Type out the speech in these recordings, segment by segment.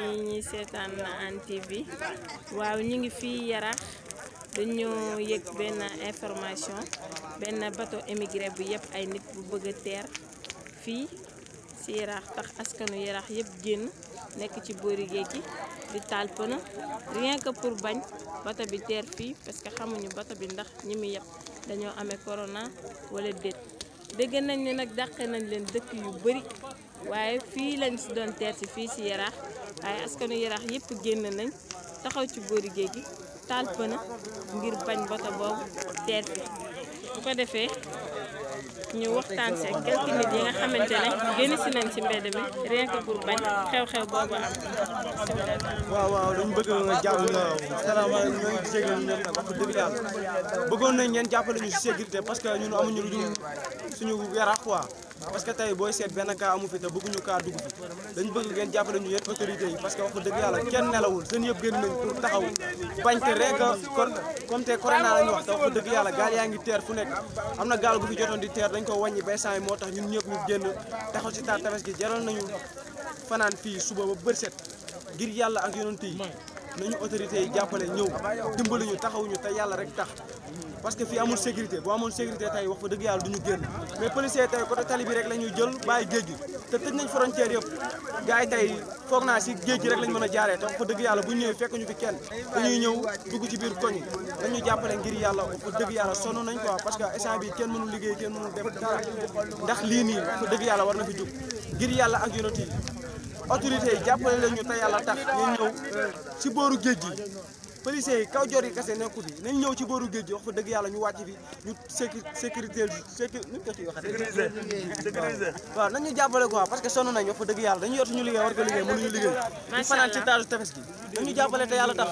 yi ñuy seetaan na Hann bi waaw ñu ngi fii Yarax dañoo yëg benn information benn bateau émigré bu yëpp ay nit bu bëgg a teer fii ci Yarax tax askanu Yarax yëpp génn nekk ci boori géej gi di taal pëna rien pour bañ bateau bi teer fii parce que xamuñu bato bi ndax ñi mu yëpp dañoo amee corona wala déet dégg nañ ne nag dàqe nañ leen dëkk yu bari waaye fii lañ si doon teer si fii si yaraax waaye askanu yaraax yëpp génn nañ taxaw ci boori géej gi taal pëna ngir bañ bato boobu teer fi bu ko defee ñu waxtaan see quelques nit yi nga xamante ne génn si nañ ci mbedd mi rien que pour bañ xew-xew boobu am. waaw waaw dañ bëgg nga jàpp nga salaamaaleykum ñoo ngi jégal ñoom nag wax dëgg yàlla bëggoon nañ ngeen jàppale ñu parce que ñun amuñu lu dul suñu yaraax quoi. parce que tey booy seet benn cas amu fi te bëgguñu cas dugg fi dañ bëgg ngeen jàppale ñu yéen autorités yi parce que wax dëgg yàlla kenn nelawul seen yëpp génn nañ pour taxaw bañ te rek kon comme te corona wax te wax dëgg yàlla gaal yaa ngi teer fu nekk am na gaal gu fi jotoon di teer dañ ko wàññi bay saa yi moo tax ñun ñëpp ñu génn taxaw si taar tabaski jaral nañu fanaan fii suba ba bërset ngir yàlla ak yonent yi nañu autorité yi jàppale ñëw dimbali ñu taxaw ñu te yàlla rek tax parce que fii amul sécurité boo amoon sécurité tey wax fa dëgg yàlla du ñu génn mais policier tey côté tali bi rek la jël bàyyi géej gi te tëj nañ frontière yëpp gars tey foog naa si géej gi rek lañu mën a jaaree te wax fa dëgg yàlla bu ñëwee fekk fi kenn dañuy ñëw dugg ci biir koñ yi dañu jàppale ngir yàlla wax fa dëgg yàlla sonn nañ quoi parce que instant kenn mënul liggéey kenn mënul def dara war na fi yàlla ak yonent yi autorité yi jàppale la ñu te yàlla tax ñu ñëw ci booru géej gi policiers yi kaw jor yi kese nekku fi nañ ñëw ci booru géej gi wax fa dëgg yàlla ñu wàcc fi ñu sécu sécurité sécu nu ñu ko ciy waaw ñu jàppale quoi parce que sonn nañ wax fa dëgg yàlla dañu yor suñu liggéey war ko liggéey mënuñu liggéey. ñu fanaan ci taaju tefes gi nañ ñu jàppale te yàlla tax.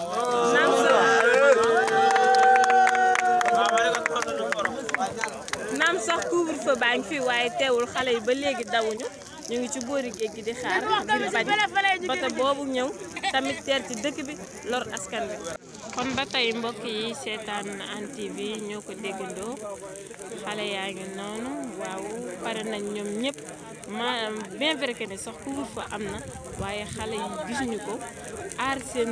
naam sax couvre-feu baa ngi fi waaye teewul xale yi ba léegi dawuñu. ñu ngi ci boori géej gi di xaar ngir boobu ñëw tamit teer ci dëkk bi lor askan bi kon ba tey mbokk yi seetaan Hann bi ñoo ko déggandoo xale yaa ngi noonu waaw pare nañ ñoom ñëpp ma bien vrai que ne sax couvre-feu am na waaye xale yi gisuñu ko aar seen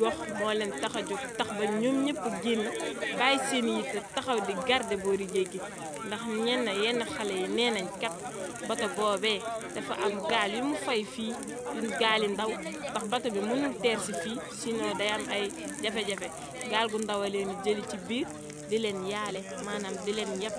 gox moo leen tax a jóg tax ba ñoom ñëpp génn bàyyi seen yi te taxaw di garder boori géej gi ndax ñenn yenn xale yi nee nañ kat bato boobee dafa am gaal yu mu fay fii gaali ndaw ndax bato bi mënul teer si fii sinon day am ay jafe-jafe gaal gu ndaw a leen jëli ci biir di leen yaale maanaam di leen yëpp.